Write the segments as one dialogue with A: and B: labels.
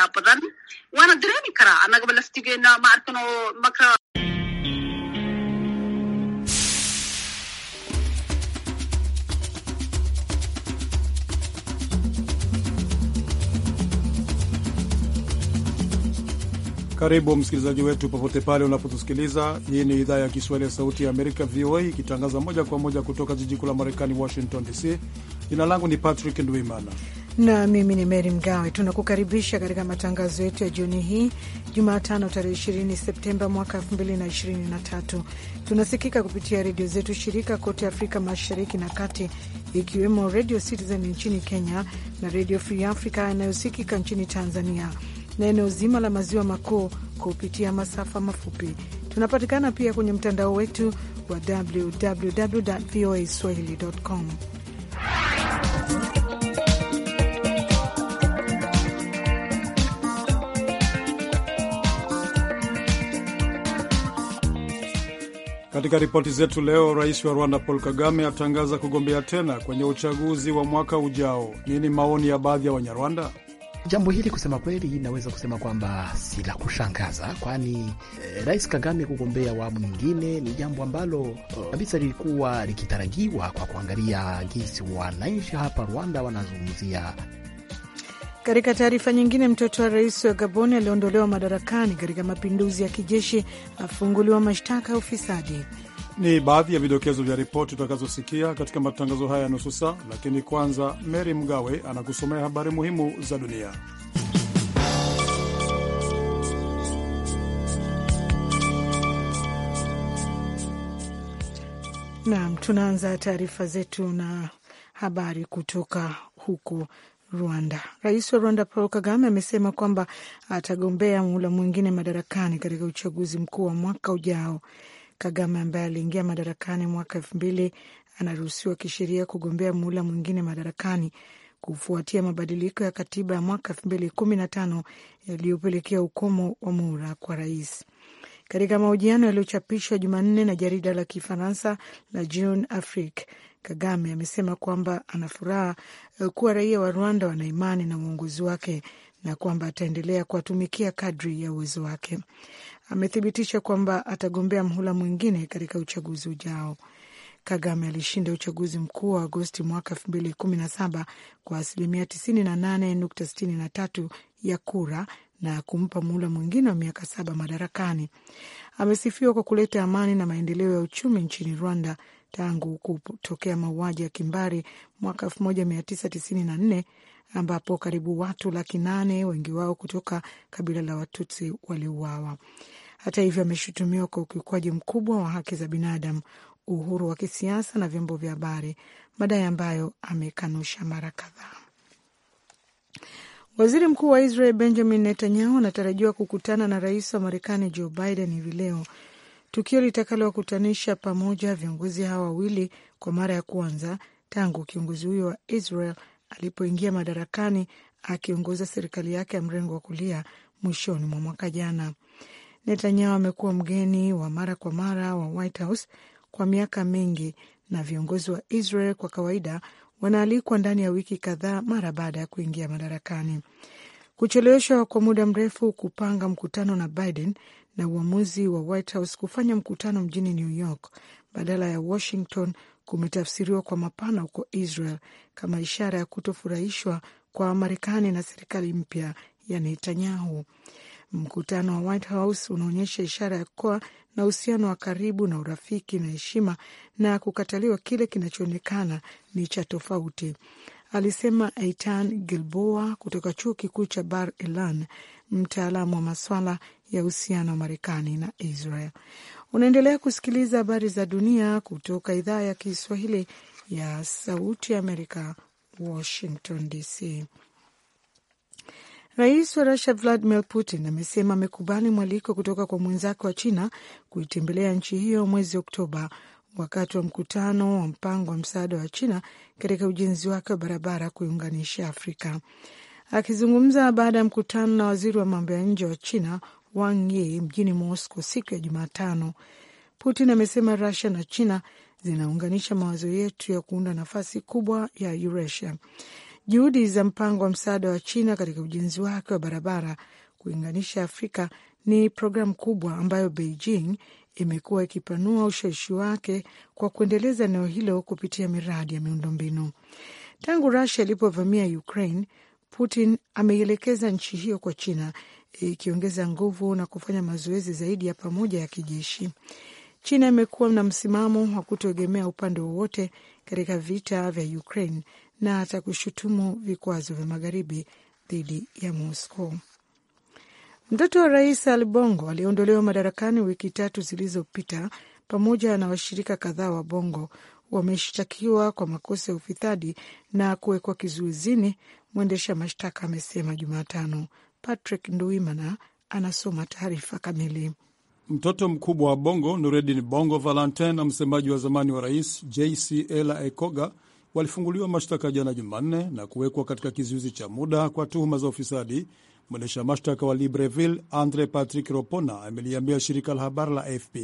A: ayaa badan waana dareemi karaa annagaba laftigeena ma arkano maka
B: Karibu msikilizaji wetu popote pale unapotusikiliza. Hii ni idhaa ya Kiswahili ya Sauti ya Amerika, VOA, ikitangaza moja kwa moja kutoka jiji kuu la Marekani, Washington DC. Jina langu ni Patrick Ndwimana
C: na mimi ni Meri Mgawe. Tunakukaribisha katika matangazo yetu ya jioni hii Jumatano tarehe 20 Septemba mwaka 2023. Tunasikika kupitia redio zetu shirika kote Afrika Mashariki na Kati, ikiwemo redio Citizen nchini Kenya na redio Free Africa inayosikika nchini Tanzania na eneo zima la maziwa makuu kupitia masafa mafupi. Tunapatikana pia kwenye mtandao wetu wa www voa swahili.com.
B: Katika ripoti zetu leo, rais wa Rwanda Paul Kagame atangaza kugombea tena kwenye uchaguzi wa mwaka ujao. Nini maoni ya baadhi ya Wanyarwanda? Jambo hili kusema
D: kweli, naweza kusema kwamba si la kushangaza, kwani eh, rais Kagame kugombea awamu nyingine ni jambo ambalo eh, kabisa lilikuwa likitarajiwa, kwa kuangalia jinsi wananchi hapa Rwanda wanazungumzia
C: katika taarifa nyingine, mtoto wa rais wa Gabon aliondolewa madarakani katika mapinduzi ya kijeshi afunguliwa mashtaka ya ufisadi.
B: Ni baadhi ya vidokezo vya ripoti utakazosikia katika matangazo haya ya nusu saa, lakini kwanza, Mary Mgawe anakusomea habari muhimu za dunia.
C: Naam, tunaanza taarifa zetu na habari kutoka huko Rwanda. Rais wa Rwanda Paul Kagame amesema kwamba atagombea muhula mwingine madarakani katika uchaguzi mkuu wa mwaka ujao. Kagame ambaye aliingia madarakani mwaka elfu mbili anaruhusiwa kisheria kugombea muhula mwingine madarakani kufuatia mabadiliko ya katiba ya mwaka elfu mbili kumi na tano yaliyopelekea ukomo wa muhula kwa rais. Katika mahojiano yaliyochapishwa Jumanne na jarida la Kifaransa la Jeune Afrique, Kagame amesema kwamba ana furaha eh, kuwa raia wa Rwanda wana imani na uongozi wake na kwamba ataendelea kuwatumikia kadri ya uwezo wake. Amethibitisha kwamba atagombea mhula mwingine katika uchaguzi ujao. Kagame alishinda uchaguzi mkuu wa Agosti mwaka elfu mbili kumi na saba kwa asilimia tisini na nane nukta sitini na tatu ya kura na kumpa muhula mwingine wa miaka saba madarakani. Amesifiwa kwa kuleta amani na maendeleo ya uchumi nchini Rwanda tangu kutokea mauaji ya kimbari mwaka 1994 ambapo karibu watu laki nane wengi wao kutoka kabila la Watutsi waliuawa. Hata hivyo, ameshutumiwa kwa ukiukwaji mkubwa wa haki za binadamu, uhuru wa kisiasa na vyombo vya habari, madai ambayo amekanusha mara kadhaa. Waziri mkuu wa Israel Benjamin Netanyahu anatarajiwa kukutana na rais wa Marekani Joe Biden hivi leo tukio litakalokutanisha pamoja viongozi hawa wawili kwa mara ya kwanza tangu kiongozi huyo wa Israel alipoingia madarakani akiongoza serikali yake ya mrengo wa kulia mwishoni mwa mwaka jana. Netanyahu amekuwa mgeni wa mara kwa mara wa White House kwa miaka mingi na viongozi wa Israel kwa kawaida wanaalikwa ndani ya wiki kadhaa mara baada ya kuingia madarakani. Kucheleweshwa kwa muda mrefu kupanga mkutano na Biden na uamuzi wa White House kufanya mkutano mjini New York badala ya Washington kumetafsiriwa kwa mapana huko Israel kama ishara ya kutofurahishwa kwa marekani na serikali mpya ya Netanyahu. Mkutano wa White House unaonyesha ishara ya kuwa na uhusiano wa karibu na urafiki na heshima na kukataliwa kile kinachoonekana ni cha tofauti alisema Eitan Gilboa kutoka chuo kikuu cha Bar Ilan, mtaalamu wa maswala ya uhusiano wa Marekani na Israel. Unaendelea kusikiliza habari za dunia kutoka idhaa ya Kiswahili ya Sauti Amerika, Washington DC. Rais wa Rusia Vladimir Putin amesema amekubali mwaliko kutoka kwa mwenzake wa China kuitembelea nchi hiyo mwezi Oktoba, wakati wa mkutano wa mpango wa msaada wa China katika ujenzi wake wa barabara kuiunganisha Afrika. Akizungumza baada ya mkutano na waziri wa mambo ya nje wa China Wang Yi mjini Moscow siku ya Jumatano, Putin amesema Rusia na China zinaunganisha mawazo yetu ya kuunda nafasi kubwa ya Eurasia. Juhudi za mpango wa msaada wa China katika ujenzi wake wa barabara kuiunganisha Afrika ni programu kubwa ambayo Beijing imekuwa ikipanua ushawishi wake kwa kuendeleza eneo hilo kupitia miradi ya miundombinu. Tangu Rusia ilipovamia Ukraine, Putin ameielekeza nchi hiyo kwa China, ikiongeza nguvu na kufanya mazoezi zaidi ya pamoja ya kijeshi. China imekuwa na msimamo wa kutoegemea upande wowote katika vita vya Ukraine na hata kushutumu vikwazo vya magharibi dhidi ya Moscow. Mtoto wa rais Ali Bongo aliyeondolewa madarakani wiki tatu zilizopita, pamoja na washirika kadhaa wa Bongo wameshtakiwa kwa makosa ya ufisadi na kuwekwa kizuizini, mwendesha mashtaka amesema Jumatano. Patrick Nduimana anasoma taarifa kamili.
B: Mtoto mkubwa wa Bongo, Nureddin Bongo Valentin, na msemaji wa zamani wa rais jc ela Ekoga walifunguliwa mashtaka jana Jumanne na kuwekwa katika kizuizi cha muda kwa tuhuma za ufisadi Mwendesha mashtaka wa Libreville Andre Patrick Ropona ameliambia shirika la habari la AFP.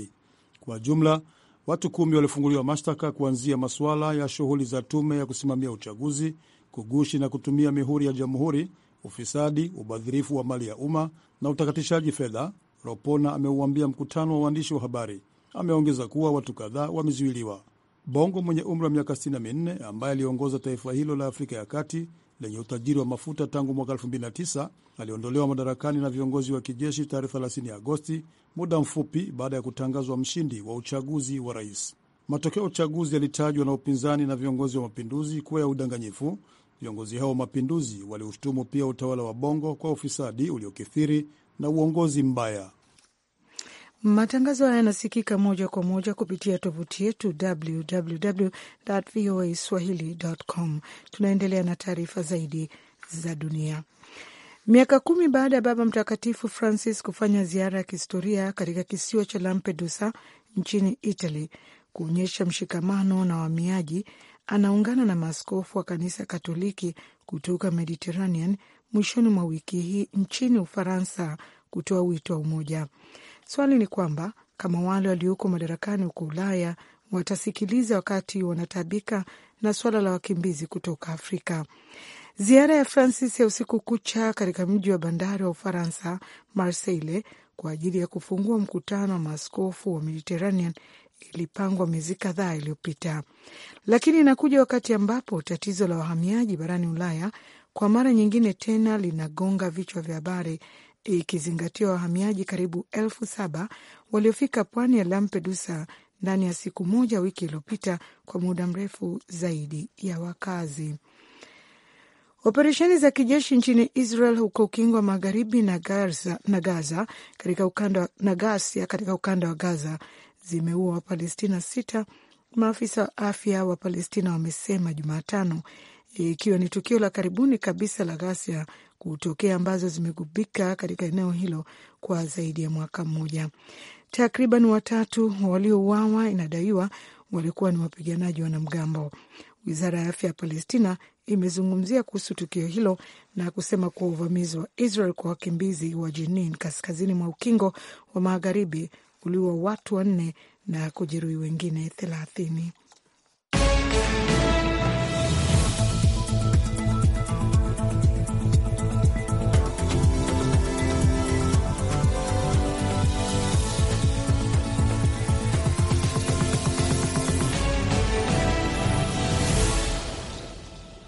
B: Kwa jumla watu kumi walifunguliwa mashtaka kuanzia masuala ya shughuli za tume ya kusimamia uchaguzi, kugushi na kutumia mihuri ya jamhuri, ufisadi, ubadhirifu wa mali ya umma na utakatishaji fedha, Ropona ameuambia mkutano wa waandishi wa habari. Ameongeza kuwa watu kadhaa wamezuiliwa. Bongo mwenye umri wa miaka 64 ambaye aliongoza taifa hilo la Afrika ya Kati lenye utajiri wa mafuta tangu mwaka 2009 aliondolewa madarakani na viongozi wa kijeshi tarehe 30 Agosti, muda mfupi baada ya kutangazwa mshindi wa uchaguzi wa rais. Matokeo ya uchaguzi yalitajwa na upinzani na viongozi wa mapinduzi kuwa ya udanganyifu. Viongozi hao wa mapinduzi waliushutumu pia utawala wa Bongo kwa ufisadi uliokithiri na uongozi mbaya.
C: Matangazo haya yanasikika moja kwa moja kupitia tovuti yetu www voa swahili.com. Tunaendelea na taarifa zaidi za dunia. Miaka kumi baada ya Baba Mtakatifu Francis kufanya ziara ya kihistoria katika kisiwa cha Lampedusa nchini Italy kuonyesha mshikamano na wahamiaji, anaungana na maaskofu wa kanisa Katoliki kutoka Mediterranean mwishoni mwa wiki hii nchini Ufaransa kutoa wito wa umoja. Swali ni kwamba kama wale walioko madarakani huko Ulaya watasikiliza wakati wanataabika na swala la wakimbizi kutoka Afrika. Ziara ya Francis ya usiku kucha katika mji wa bandari wa Ufaransa, Marseille, kwa ajili ya kufungua mkutano wa maaskofu wa Mediterranean ilipangwa miezi kadhaa iliyopita, lakini inakuja wakati ambapo tatizo la wahamiaji barani Ulaya kwa mara nyingine tena linagonga vichwa vya habari ikizingatia wahamiaji karibu elfu saba waliofika pwani ya Lampedusa ndani ya siku moja wiki iliyopita, kwa muda mrefu zaidi ya wakazi. Operesheni za kijeshi nchini Israel huko ukingo wa magharibi na Gaza, na Gaza katika ukanda, na katika ukanda wa Gaza zimeua Wapalestina sita, maafisa wa afya wa Palestina wamesema Jumatano, ikiwa ni tukio la karibuni kabisa la ghasia kutokea ambazo zimegubika katika eneo hilo kwa zaidi ya mwaka mmoja. Takriban watatu waliouawa inadaiwa walikuwa ni wapiganaji wanamgambo. Wizara ya afya ya Palestina imezungumzia kuhusu tukio hilo na kusema kuwa uvamizi wa Israel kwa wakimbizi wa Jenin kaskazini mwa ukingo wa magharibi uliwa watu wanne na kujeruhi wengine thelathini.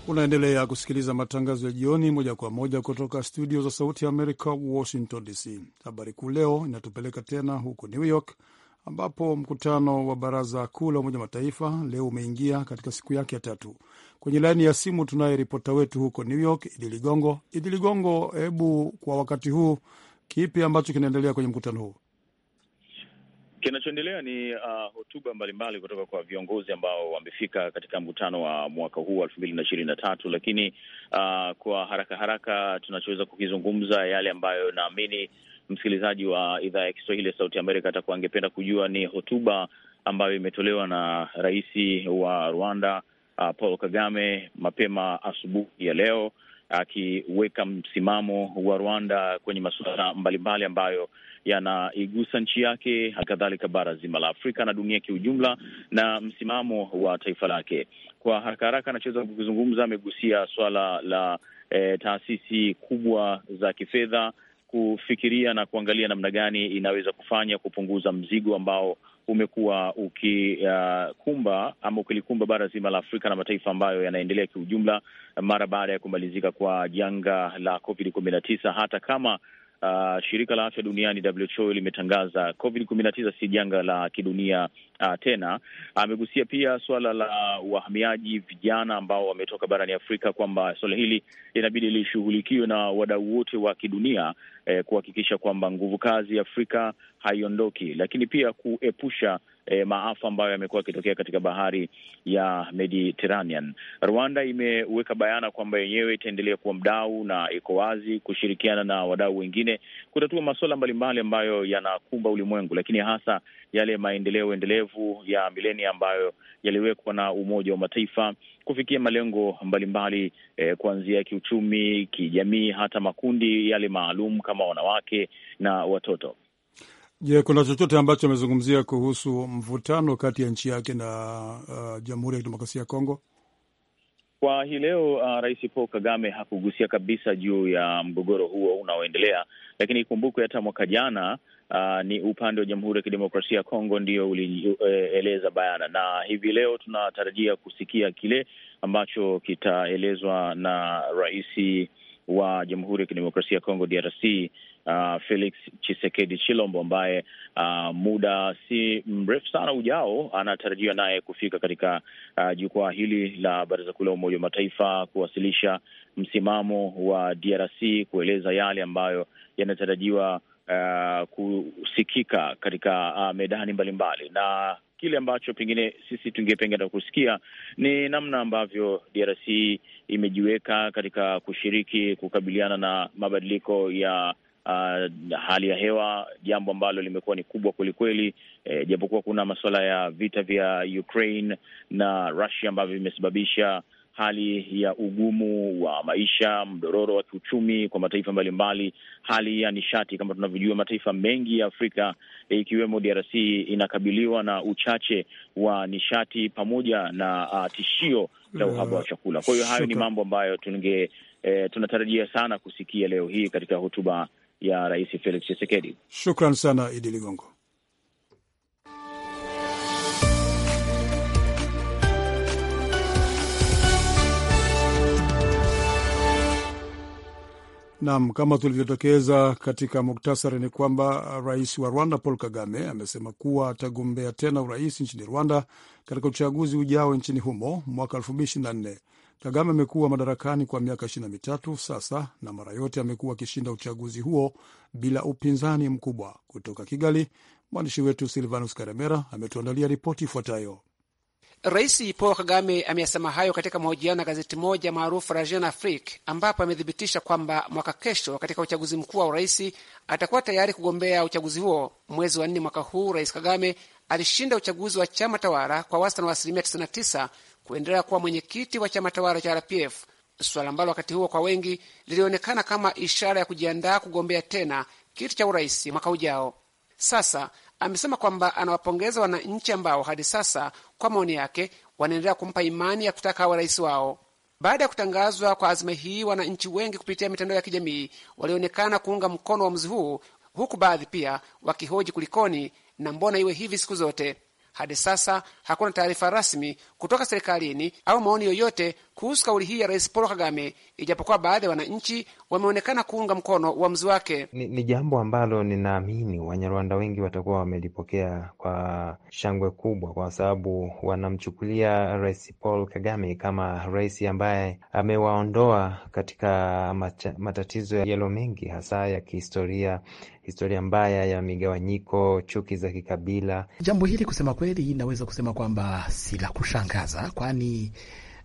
B: Unaendelea kusikiliza matangazo ya jioni moja kwa moja kutoka studio za Sauti ya Amerika, Washington DC. Habari kuu leo inatupeleka tena huko New York ambapo mkutano wa Baraza Kuu la Umoja Mataifa leo umeingia katika siku yake ya tatu. Kwenye laini ya simu tunaye ripota wetu huko New York, Idi Ligongo. Idi Ligongo, hebu kwa wakati huu, kipi ambacho kinaendelea kwenye mkutano huu?
E: Kinachoendelea ni uh, hotuba mbalimbali kutoka kwa viongozi ambao wamefika katika mkutano wa mwaka huu wa elfu mbili na ishirini na tatu, lakini uh, kwa haraka haraka tunachoweza kukizungumza yale ambayo naamini msikilizaji wa idhaa ya Kiswahili ya Sauti Amerika atakuwa angependa kujua ni hotuba ambayo imetolewa na rais wa Rwanda uh, Paul Kagame mapema asubuhi ya leo akiweka uh, msimamo wa Rwanda kwenye masuala mbalimbali ambayo yanaigusa nchi yake, halikadhalika bara zima la Afrika na dunia kiujumla, na msimamo wa taifa lake. Kwa haraka haraka, anachoweza kuzungumza, amegusia swala la e, taasisi kubwa za kifedha kufikiria na kuangalia namna gani inaweza kufanya kupunguza mzigo ambao umekuwa ukikumba uh, ama ukilikumba bara zima la Afrika na mataifa ambayo yanaendelea kiujumla mara baada ya kumalizika kwa janga la COVID kumi na tisa. Hata kama Uh, shirika la afya duniani WHO limetangaza COVID-19 si janga la kidunia uh, tena ah, amegusia pia suala la wahamiaji vijana ambao wametoka barani Afrika, kwamba suala hili linabidi lishughulikiwe na wadau wote wa kidunia eh, kuhakikisha kwamba nguvu kazi Afrika haiondoki, lakini pia kuepusha E, maafa ambayo yamekuwa yakitokea katika bahari ya Mediterranean. Rwanda imeweka bayana kwamba yenyewe itaendelea kuwa mdau na iko wazi kushirikiana na wadau wengine kutatua masuala mbalimbali ambayo yanakumba ulimwengu, lakini hasa yale maendeleo endelevu ya milenia ambayo yaliwekwa na Umoja wa Mataifa kufikia malengo mbalimbali e, kuanzia kiuchumi, kijamii, hata makundi yale maalum kama wanawake na watoto.
B: Je, kuna chochote ambacho amezungumzia kuhusu mvutano kati ya nchi yake na uh, Jamhuri ya Kidemokrasia ya Kongo?
E: Kwa hii leo uh, Rais Paul Kagame hakugusia kabisa juu ya mgogoro huo unaoendelea, lakini ikumbukwe hata mwaka jana uh, ni upande wa Jamhuri ya Kidemokrasia ya Kongo ndio ulieleza bayana, na hivi leo tunatarajia kusikia kile ambacho kitaelezwa na rais wa Jamhuri ya Kidemokrasia ya Kongo DRC Uh, ah, Felix Chisekedi Chilombo ambaye uh, muda si mrefu sana ujao anatarajiwa naye kufika katika uh, jukwaa hili la Baraza Kuu la Umoja wa Mataifa kuwasilisha msimamo wa DRC kueleza yale ambayo yanatarajiwa uh, kusikika katika uh, medani mbalimbali na kile ambacho pengine sisi tungependa kusikia ni namna ambavyo DRC imejiweka katika kushiriki kukabiliana na mabadiliko ya uh, hali ya hewa, jambo ambalo limekuwa ni kubwa kwelikweli. E, eh, japokuwa kuna masuala ya vita vya Ukraine na Russia ambavyo vimesababisha hali ya ugumu wa maisha, mdororo wa kiuchumi kwa mataifa mbalimbali, hali ya nishati. Kama tunavyojua, mataifa mengi ya Afrika ikiwemo DRC inakabiliwa na uchache wa nishati pamoja na uh, tishio la uhaba wa chakula. Kwa hiyo hayo ni mambo ambayo tunge eh, tunatarajia sana kusikia leo hii katika hotuba ya Rais Felix Tshisekedi.
B: Shukran sana Idi Ligongo. Naam, kama tulivyotokeza katika muktasari ni kwamba uh, rais wa Rwanda Paul Kagame amesema kuwa atagombea tena urais nchini Rwanda katika uchaguzi ujao nchini humo mwaka elfu na nne. Kagame amekuwa madarakani kwa miaka ishirini na mitatu sasa na mara yote amekuwa akishinda uchaguzi huo bila upinzani mkubwa. Kutoka Kigali, mwandishi wetu Silvanus Karemera ametuandalia ripoti ifuatayo.
F: Rais Paul Kagame ameyasema hayo katika mahojiano ya gazeti moja maarufu la Jeune Afrique, ambapo amethibitisha kwamba mwaka kesho katika uchaguzi mkuu wa urais atakuwa tayari kugombea uchaguzi huo. Mwezi wa nne mwaka huu, Rais Kagame alishinda uchaguzi wa chama tawala kwa wastani wa asilimia 99 kuendelea kuwa mwenyekiti wa chama tawala cha RPF, suala ambalo wakati huo kwa wengi lilionekana kama ishara ya kujiandaa kugombea tena kiti cha urais mwaka ujao. Sasa amesema kwamba anawapongeza wananchi ambao hadi sasa kwa maoni yake wanaendelea kumpa imani ya kutaka awe rais wao. Baada ya kutangazwa kwa azma hii, wananchi wengi kupitia mitandao ya kijamii walionekana kuunga mkono uamuzi huu, huku baadhi pia wakihoji kulikoni na mbona iwe hivi siku zote. Hadi sasa hakuna taarifa rasmi kutoka serikalini au maoni yoyote kuhusu kauli hii ya Rais Paul Kagame, ijapokuwa baadhi ya wananchi wameonekana kuunga mkono uamuzi wake.
G: Ni, ni jambo ambalo ninaamini Wanyarwanda wengi watakuwa wamelipokea kwa shangwe kubwa, kwa sababu wanamchukulia Rais Paul Kagame kama rais ambaye amewaondoa katika macha, matatizo yalo mengi, hasa ya kihistoria, historia mbaya ya migawanyiko, chuki za kikabila.
H: Jambo
D: hili kusema kweli, inaweza kusema kwamba si la kushangaza, kwani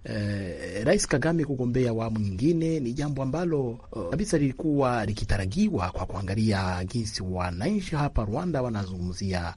D: eh, Rais Kagame kugombea awamu nyingine ni jambo ambalo eh, kabisa lilikuwa likitarajiwa kwa kuangalia jinsi wananchi hapa Rwanda wanazungumzia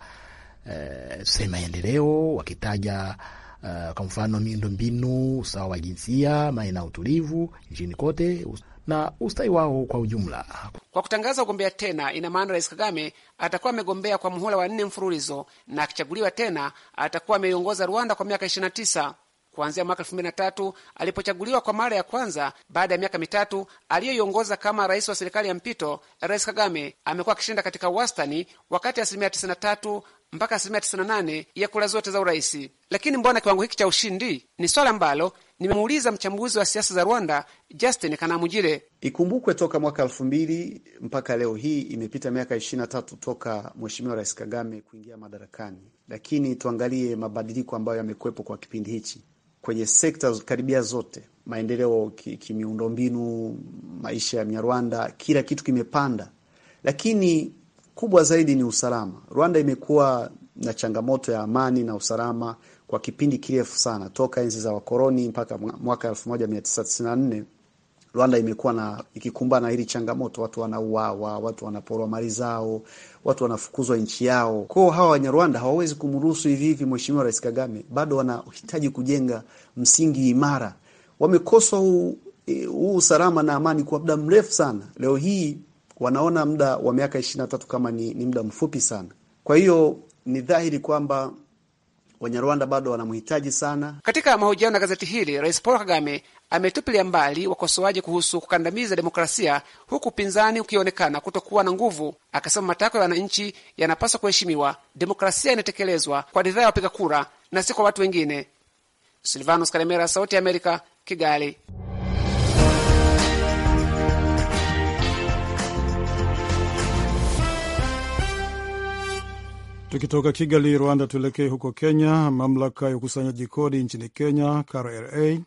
D: eh, tuseme maendeleo wakitaja Uh, kwa mfano miundo mbinu, usawa wa jinsia, maeneo ya utulivu nchini kote na ustawi wao kwa ujumla.
F: Kwa kutangaza kugombea tena, ina maana Rais Kagame atakuwa amegombea kwa muhula wa nne mfululizo, na akichaguliwa tena atakuwa ameiongoza Rwanda kwa miaka 29 kuanzia mwaka 2003 alipochaguliwa kwa mara ya kwanza baada ya miaka mitatu aliyoiongoza kama rais wa serikali ya mpito. Rais Kagame amekuwa akishinda katika wastani wakati ya asilimia 93 mpaka asilimia 98 ya kura zote za uraisi. Lakini mbona kiwango hiki cha ushindi? Ni swala ambalo nimemuuliza mchambuzi wa siasa za Rwanda Justin Kanamujire.
D: Ikumbukwe toka mwaka elfu mbili mpaka leo hii imepita miaka ishirini na tatu toka Mheshimiwa Rais Kagame
F: kuingia madarakani,
D: lakini tuangalie mabadiliko ambayo yamekuwepo kwa kipindi hichi kwenye sekta karibia zote, maendeleo kimiundombinu, ki maisha ya Mnyarwanda, kila kitu kimepanda, lakini kubwa zaidi ni usalama. Rwanda imekuwa na changamoto ya amani na usalama kwa kipindi kirefu sana, toka enzi za wakoloni mpaka mwaka 1994 Rwanda imekuwa na ikikumbana hili changamoto, watu wanauawa, watu wanaporwa mali zao, watu wanafukuzwa nchi yao. Kwao hawa Wanyarwanda hawawezi kumruhusu hivi hivi Mheshimiwa Rais Kagame, bado wanahitaji kujenga msingi imara. Wamekoswa huu usalama na amani kwa muda mrefu sana. Leo hii wanaona muda wa miaka ishirini na tatu kama ni, ni muda mfupi sana. Kwa hiyo ni dhahiri kwamba Wanyarwanda bado wanamhitaji sana.
F: Katika mahojiano na gazeti hili, Rais Paul Kagame ametupilia mbali wakosoaji kuhusu kukandamiza demokrasia, huku upinzani ukionekana kutokuwa na nguvu. Akasema matakwa ya wananchi yanapaswa kuheshimiwa, demokrasia inatekelezwa kwa ridhaa ya wapiga kura na si kwa watu wengine. Silvanos Karemera, Sauti ya Amerika, Kigali.
B: Tukitoka Kigali, Rwanda, tuelekee huko Kenya. Mamlaka ya ukusanyaji kodi nchini Kenya, KRA,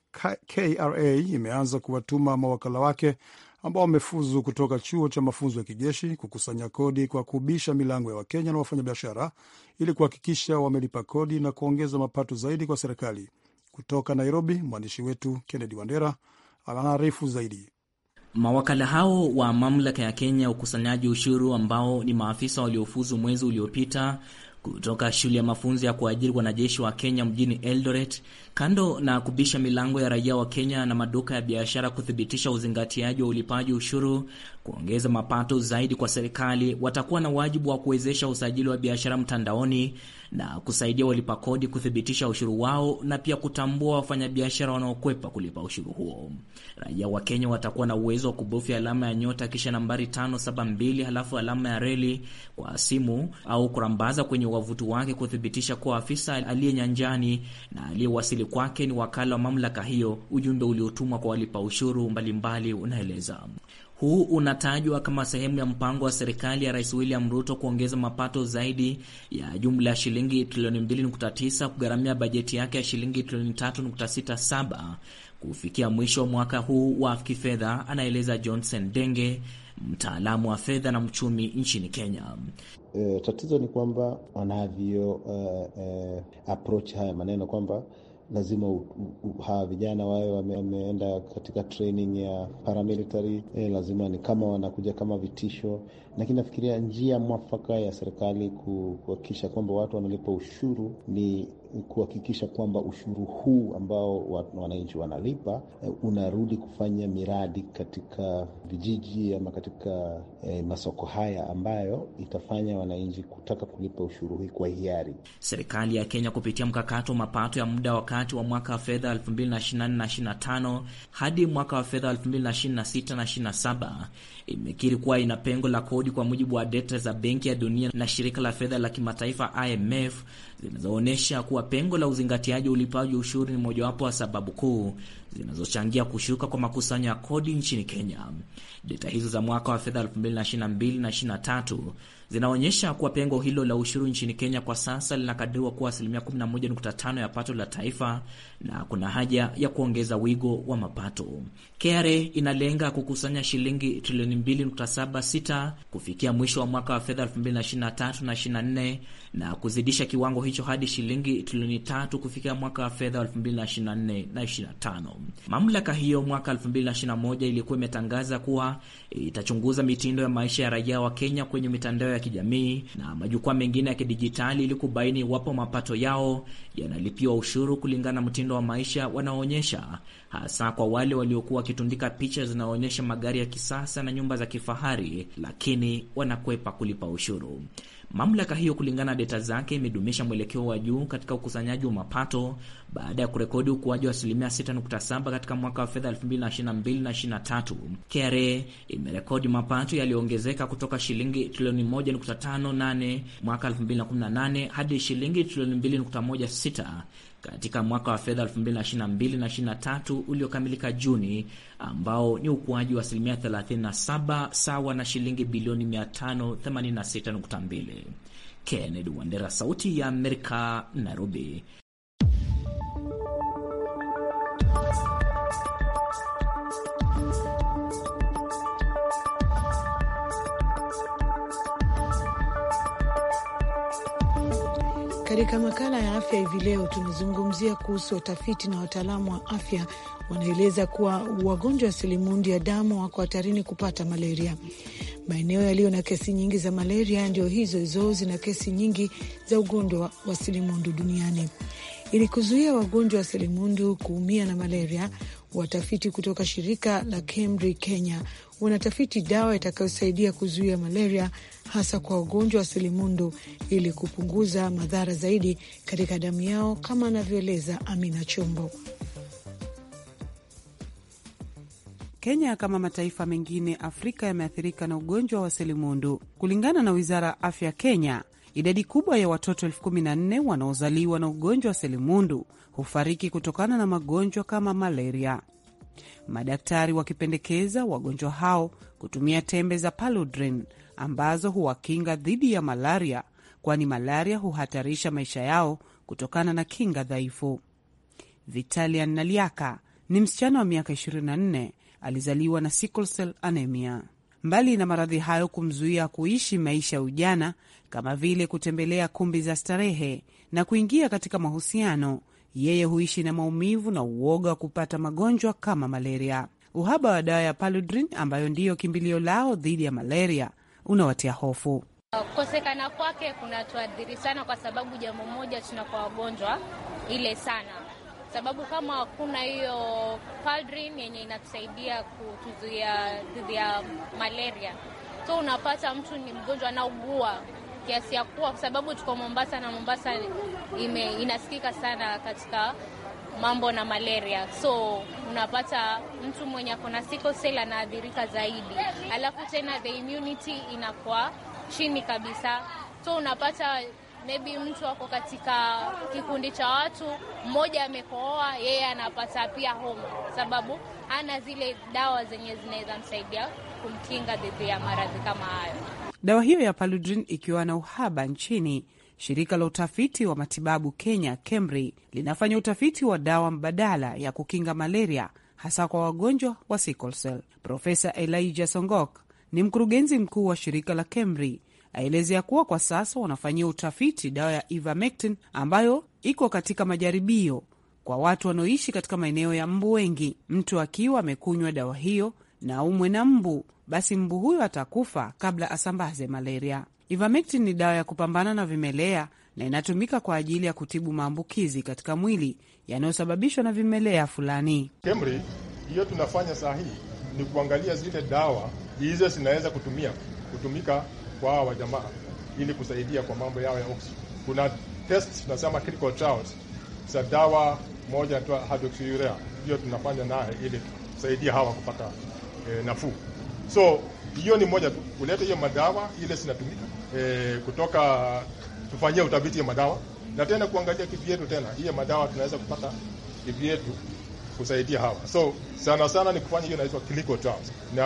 B: KRA imeanza kuwatuma mawakala wake ambao wamefuzu kutoka chuo cha mafunzo ya kijeshi kukusanya kodi kwa kubisha milango ya Wakenya na wafanyabiashara ili kuhakikisha wamelipa kodi na kuongeza mapato zaidi kwa serikali. Kutoka Nairobi, mwandishi wetu Kennedy
H: Wandera anaarifu zaidi. Mawakala hao wa mamlaka ya Kenya ya ukusanyaji ushuru ambao ni maafisa waliofuzu mwezi uliopita kutoka shule ya mafunzo ya kuajiri wanajeshi wa Kenya mjini Eldoret, kando na kubisha milango ya raia wa Kenya na maduka ya biashara kuthibitisha uzingatiaji wa ulipaji ushuru kuongeza mapato zaidi kwa serikali, watakuwa na wajibu wa kuwezesha usajili wa biashara mtandaoni na kusaidia walipa kodi kuthibitisha ushuru wao na pia kutambua wafanyabiashara wanaokwepa kulipa ushuru huo. Raia wa Kenya watakuwa na uwezo wa kubofya alama ya nyota kisha nambari 572 halafu alama ya reli kwa simu au kurambaza kwenye wavuti wake kuthibitisha kuwa afisa aliye nyanjani na aliyewasili kwake ni wakala wa mamlaka hiyo. Ujumbe uliotumwa kwa walipa ushuru mbalimbali unaeleza huu unatajwa kama sehemu ya mpango wa serikali ya Rais William Ruto kuongeza mapato zaidi ya jumla ya shilingi trilioni 2.9 kugharamia bajeti yake ya shilingi trilioni 3.67 kufikia mwisho wa mwaka huu wa kifedha, anaeleza Johnson Denge, mtaalamu wa fedha na mchumi nchini Kenya.
D: E, tatizo ni kwamba wanavyo uh, uh, approach haya maneno kwamba lazima hawa vijana wawe wameenda katika training ya paramilitary eh, lazima ni kama wanakuja kama vitisho, lakini nafikiria njia mwafaka ya serikali kuhakikisha kwamba watu wanalipa ushuru ni kuhakikisha kwamba ushuru huu ambao wananchi wanalipa eh, unarudi kufanya miradi katika vijiji ama katika eh, masoko haya ambayo itafanya wananchi kutaka kulipa ushuru hii kwa hiari.
H: Serikali ya Kenya kupitia mkakato wa mapato ya muda wakati wa mwaka wa fedha 2024 hadi mwaka wa fedha 2026 imekiri kuwa ina pengo la kodi kwa mujibu wa data za Benki ya Dunia na Shirika la Fedha la Kimataifa IMF zinazoonyesha kuwa pengo la uzingatiaji ulipaji ushuru ni mojawapo wa sababu kuu zinazochangia kushuka kwa makusanyo ya kodi nchini Kenya. Data hizo za mwaka wa fedha 2022 na 2023 zinaonyesha kuwa pengo hilo la ushuru nchini Kenya kwa sasa linakadiriwa kuwa asilimia 11.5 ya pato la taifa na kuna haja ya kuongeza wigo wa mapato. KRA inalenga kukusanya shilingi trilioni 2.76 kufikia mwisho wa mwaka wa fedha 2023 na 24 na kuzidisha kiwango hicho hadi shilingi trilioni 3 kufikia mwaka wa fedha 2024 na 25. Mamlaka hiyo mwaka 2021 ilikuwa imetangaza kuwa itachunguza mitindo ya maisha ya raia wa Kenya kwenye mitandao ya kijamii na majukwaa mengine ya kidijitali ili kubaini iwapo mapato yao yanalipiwa ushuru kulingana na mtindo wa maisha wanaoonyesha, hasa kwa wale waliokuwa wakitundika picha zinaonyesha magari ya kisasa na nyumba za kifahari, lakini wanakwepa kulipa ushuru. Mamlaka hiyo kulingana na data zake imedumisha mwelekeo wa juu katika ukusanyaji wa mapato baada ya kurekodi ukuaji wa asilimia 6.7 katika mwaka wa fedha 2022 23. KRA imerekodi mapato yaliyoongezeka kutoka shilingi trilioni 1.58 mwaka 2018 hadi shilingi trilioni 2.16 sita katika mwaka wa fedha 2022 na 23 uliokamilika Juni, ambao ni ukuaji wa asilimia 37 sawa na shilingi bilioni 586.2. Kennedy Wandera, Sauti ya Amerika, Nairobi.
C: Katika makala ya afya hivi leo tunazungumzia kuhusu watafiti na wataalamu wa afya wanaeleza kuwa wagonjwa wa silimundi ya damu wako hatarini kupata malaria. Maeneo yaliyo na kesi nyingi za malaria ndio hizo hizo zina kesi nyingi za ugonjwa wa selimundu duniani. Ili kuzuia wagonjwa wa selimundu kuumia na malaria, watafiti kutoka shirika la KEMRI Kenya wanatafiti dawa itakayosaidia kuzuia malaria hasa kwa wagonjwa wa selimundu ili kupunguza madhara zaidi katika damu yao, kama anavyoeleza Amina Chombo.
A: Kenya kama mataifa mengine Afrika yameathirika na ugonjwa wa selimundu. Kulingana na wizara ya afya ya Kenya, idadi kubwa ya watoto elfu kumi na nne wanaozaliwa na ugonjwa wa selimundu hufariki kutokana na magonjwa kama malaria, madaktari wakipendekeza wagonjwa hao kutumia tembe za Paludrin ambazo huwakinga dhidi ya malaria, kwani malaria huhatarisha maisha yao kutokana na kinga dhaifu. Vitalian Naliaka ni msichana wa miaka 24 alizaliwa na sickle cell anemia. Mbali na maradhi hayo kumzuia kuishi maisha ya ujana kama vile kutembelea kumbi za starehe na kuingia katika mahusiano, yeye huishi na maumivu na uoga wa kupata magonjwa kama malaria. Uhaba wa dawa ya Paludrin ambayo ndiyo kimbilio lao dhidi ya malaria unawatia hofu.
C: Kukosekana kwake kunatuadhiri sana, kwa sababu jambo moja, tunakuwa wagonjwa ile sana, sababu kama hakuna hiyo padrin yenye inatusaidia kutuzuia dhidi ya malaria, so unapata mtu ni mgonjwa anaugua kiasi ya kuwa, kwa sababu tuko Mombasa na Mombasa ime, inasikika sana katika mambo na malaria, so unapata mtu mwenye ako na sickle cell anaathirika zaidi, alafu tena the immunity inakuwa chini kabisa, so unapata maybe mtu ako katika kikundi cha watu, mmoja amekooa yeye anapata pia homa, sababu hana zile dawa zenye zinaweza msaidia kumkinga dhidi ya maradhi kama hayo.
A: Dawa hiyo ya Paludrin ikiwa na uhaba nchini Shirika la utafiti wa matibabu Kenya, KEMRI, linafanya utafiti wa dawa mbadala ya kukinga malaria hasa kwa wagonjwa wa sickle cell. Profesa Elijah Songok ni mkurugenzi mkuu wa shirika la KEMRI, aelezea kuwa kwa sasa wanafanyia utafiti dawa ya ivermectin ambayo iko katika majaribio kwa watu wanaoishi katika maeneo ya mbu wengi. Mtu akiwa amekunywa dawa hiyo na umwe na mbu, basi mbu huyo atakufa kabla asambaze malaria. Ivermectin ni dawa ya kupambana na vimelea na inatumika kwa ajili ya kutibu maambukizi katika mwili yanayosababishwa na vimelea fulani. KEMRI
I: hiyo tunafanya saa hii ni kuangalia zile dawa hizo zinaweza kutumia kutumika kwa hawa wajamaa ili kusaidia kwa mambo yao ya oksi. Kuna test tunasema clinical trials za dawa moja tu hydroxyurea, hiyo tunafanya naye ili kusaidia hawa kupata e, nafuu. So hiyo ni moja tu, kuleta hiyo madawa ile zinatumika e, kutoka tufanyie utafiti ya madawa na tena kuangalia kivyetu tena hiyo madawa tunaweza kupata kivyetu kusaidia hawa. So sana sana ni kufanya hiyo inaitwa clinical trials, na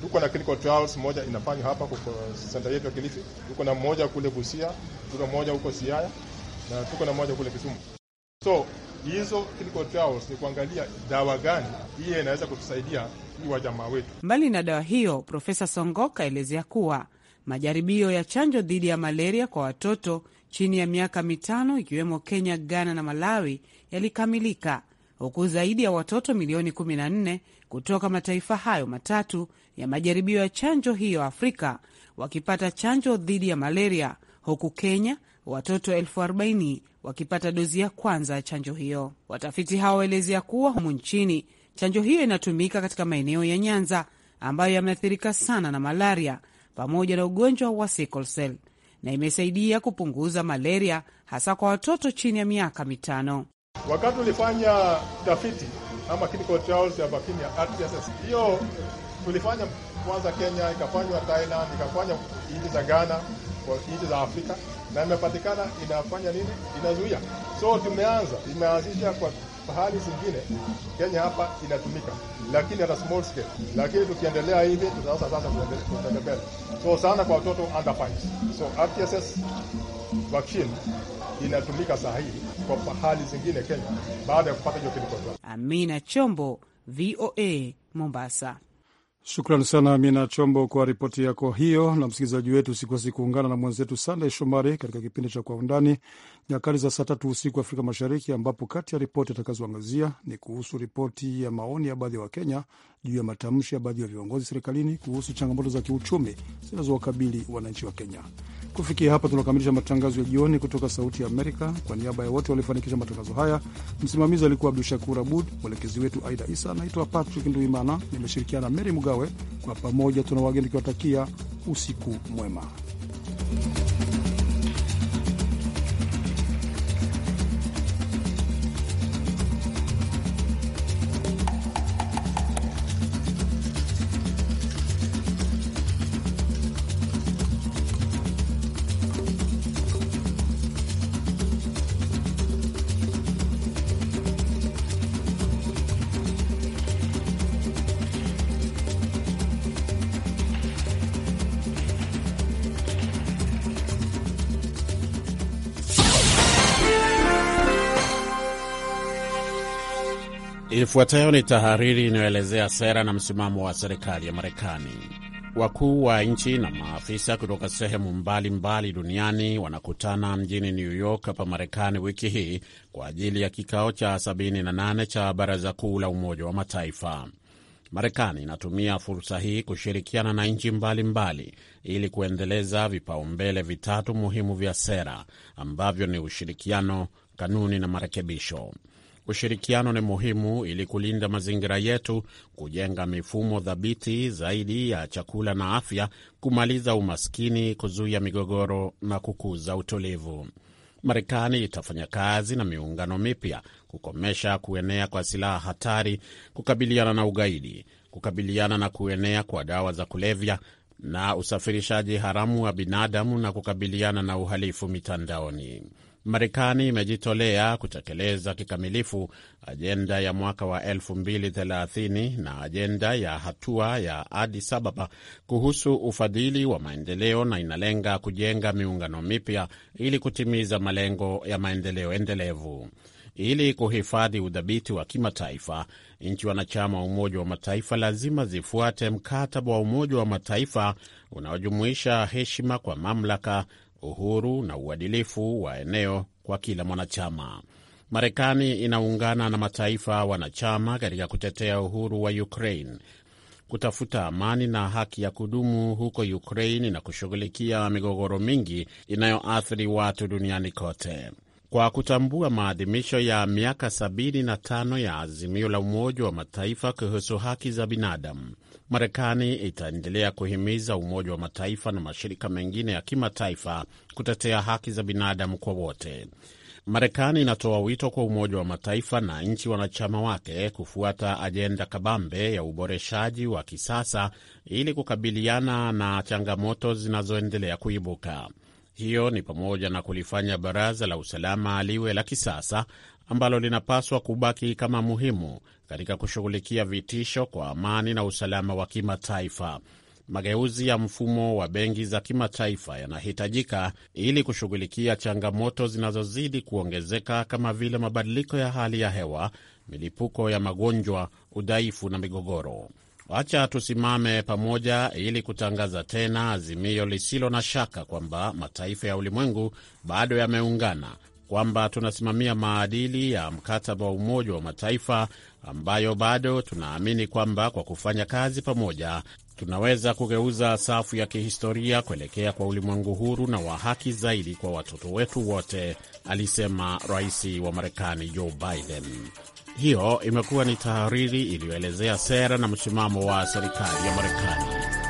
I: tuko na clinical trials moja inafanywa hapa kwa center yetu ya Kilifi, tuko na moja kule Busia, tuko moja huko Siaya
A: na tuko na moja kule Kisumu.
I: So hizo clinical trials ni kuangalia dawa gani hiyo inaweza kutusaidia hii wajamaa wetu.
A: Mbali na dawa hiyo, Profesa Songoka elezea kuwa majaribio ya chanjo dhidi ya malaria kwa watoto chini ya miaka mitano ikiwemo Kenya, Ghana na Malawi yalikamilika huku zaidi ya watoto milioni 14 kutoka mataifa hayo matatu ya majaribio ya chanjo hiyo Afrika wakipata chanjo dhidi ya malaria, huku Kenya watoto elfu arobaini wakipata dozi ya kwanza ya chanjo hiyo. Watafiti hao waelezea kuwa humu nchini chanjo hiyo inatumika katika maeneo ya Nyanza ambayo yameathirika sana na malaria pamoja na ugonjwa wa sickle cell na imesaidia kupunguza malaria hasa kwa watoto chini ya miaka mitano.
I: Wakati ulifanya tafiti ama clinical trials ya vaccine ya hiyo tulifanya kwanza Kenya, ikafanywa Thailand, ikafanya nchi za Ghana, nchi za Afrika na imepatikana inafanya nini, inazuia. So tumeanza imeanzisha kwa pahali zingine Kenya hapa inatumika, lakini hata small scale. Lakini tukiendelea hivi tutaanza sasa kuendelea mbele, so sana kwa watoto under five. So RTSS vaccine
A: inatumika sahihi kwa pahali zingine Kenya baada ya kupata hiyo clinical Amina Chombo, VOA, Mombasa.
B: Shukrani sana Amina Chombo kwa ripoti yako hiyo. Na msikilizaji wetu, usikose kuungana na mwenzetu Sandey Shomari katika kipindi cha Kwa Undani nyakati za saa tatu usiku Afrika Mashariki, ambapo kati ya ripoti atakazoangazia ni kuhusu ripoti ya maoni ya baadhi ya Wakenya juu ya matamshi ya baadhi ya viongozi serikalini kuhusu changamoto za kiuchumi zinazowakabili wananchi wa Kenya. Kufikia hapa, tunakamilisha matangazo ya jioni kutoka Sauti ya Amerika. Kwa niaba ya wote waliofanikisha matangazo haya, msimamizi alikuwa Abdu Shakur Abud, mwelekezi wetu Aida Isa. anaitwa Patrick Nduimana, nimeshirikiana na Meri Mugawe. Kwa pamoja, tuna wageni tukiwatakia usiku mwema.
G: Ifuatayo ni tahariri inayoelezea sera na msimamo wa serikali ya Marekani. Wakuu wa nchi na maafisa kutoka sehemu mbalimbali mbali duniani wanakutana mjini New York hapa Marekani wiki hii kwa ajili ya kikao cha 78 cha Baraza Kuu la Umoja wa Mataifa. Marekani inatumia fursa hii kushirikiana na nchi mbalimbali ili kuendeleza vipaumbele vitatu muhimu vya sera ambavyo ni ushirikiano, kanuni na marekebisho. Ushirikiano ni muhimu ili kulinda mazingira yetu, kujenga mifumo thabiti zaidi ya chakula na afya, kumaliza umaskini, kuzuia migogoro na kukuza utulivu. Marekani itafanya kazi na miungano mipya kukomesha kuenea kwa silaha hatari, kukabiliana na ugaidi, kukabiliana na kuenea kwa dawa za kulevya na usafirishaji haramu wa binadamu na kukabiliana na uhalifu mitandaoni. Marekani imejitolea kutekeleza kikamilifu ajenda ya mwaka wa 2030 na ajenda ya hatua ya Addis Ababa kuhusu ufadhili wa maendeleo na inalenga kujenga miungano mipya ili kutimiza malengo ya maendeleo endelevu. Ili kuhifadhi udhabiti wa kimataifa, nchi wanachama wa Umoja wa Mataifa lazima zifuate mkataba wa Umoja wa Mataifa unaojumuisha heshima kwa mamlaka uhuru na uadilifu wa eneo kwa kila mwanachama. Marekani inaungana na mataifa wanachama katika kutetea uhuru wa Ukraine, kutafuta amani na haki ya kudumu huko Ukraine na kushughulikia migogoro mingi inayoathiri watu duniani kote. Kwa kutambua maadhimisho ya miaka 75 ya azimio la Umoja wa Mataifa kuhusu haki za binadamu, Marekani itaendelea kuhimiza Umoja wa Mataifa na mashirika mengine ya kimataifa kutetea haki za binadamu kwa wote. Marekani inatoa wito kwa Umoja wa Mataifa na nchi wanachama wake kufuata ajenda kabambe ya uboreshaji wa kisasa ili kukabiliana na changamoto zinazoendelea kuibuka. Hiyo ni pamoja na kulifanya Baraza la Usalama liwe la kisasa ambalo linapaswa kubaki kama muhimu katika kushughulikia vitisho kwa amani na usalama wa kimataifa. Mageuzi ya mfumo wa benki za kimataifa yanahitajika ili kushughulikia changamoto zinazozidi kuongezeka kama vile mabadiliko ya hali ya hewa, milipuko ya magonjwa, udhaifu na migogoro. Wacha tusimame pamoja ili kutangaza tena azimio lisilo na shaka kwamba mataifa ya ulimwengu bado yameungana kwamba tunasimamia maadili ya mkataba wa Umoja wa Mataifa ambayo bado tunaamini kwamba kwa kufanya kazi pamoja tunaweza kugeuza safu ya kihistoria kuelekea kwa ulimwengu huru na wa haki zaidi kwa watoto wetu wote, alisema rais wa Marekani Joe Biden. Hiyo imekuwa ni tahariri iliyoelezea sera na msimamo wa serikali ya Marekani.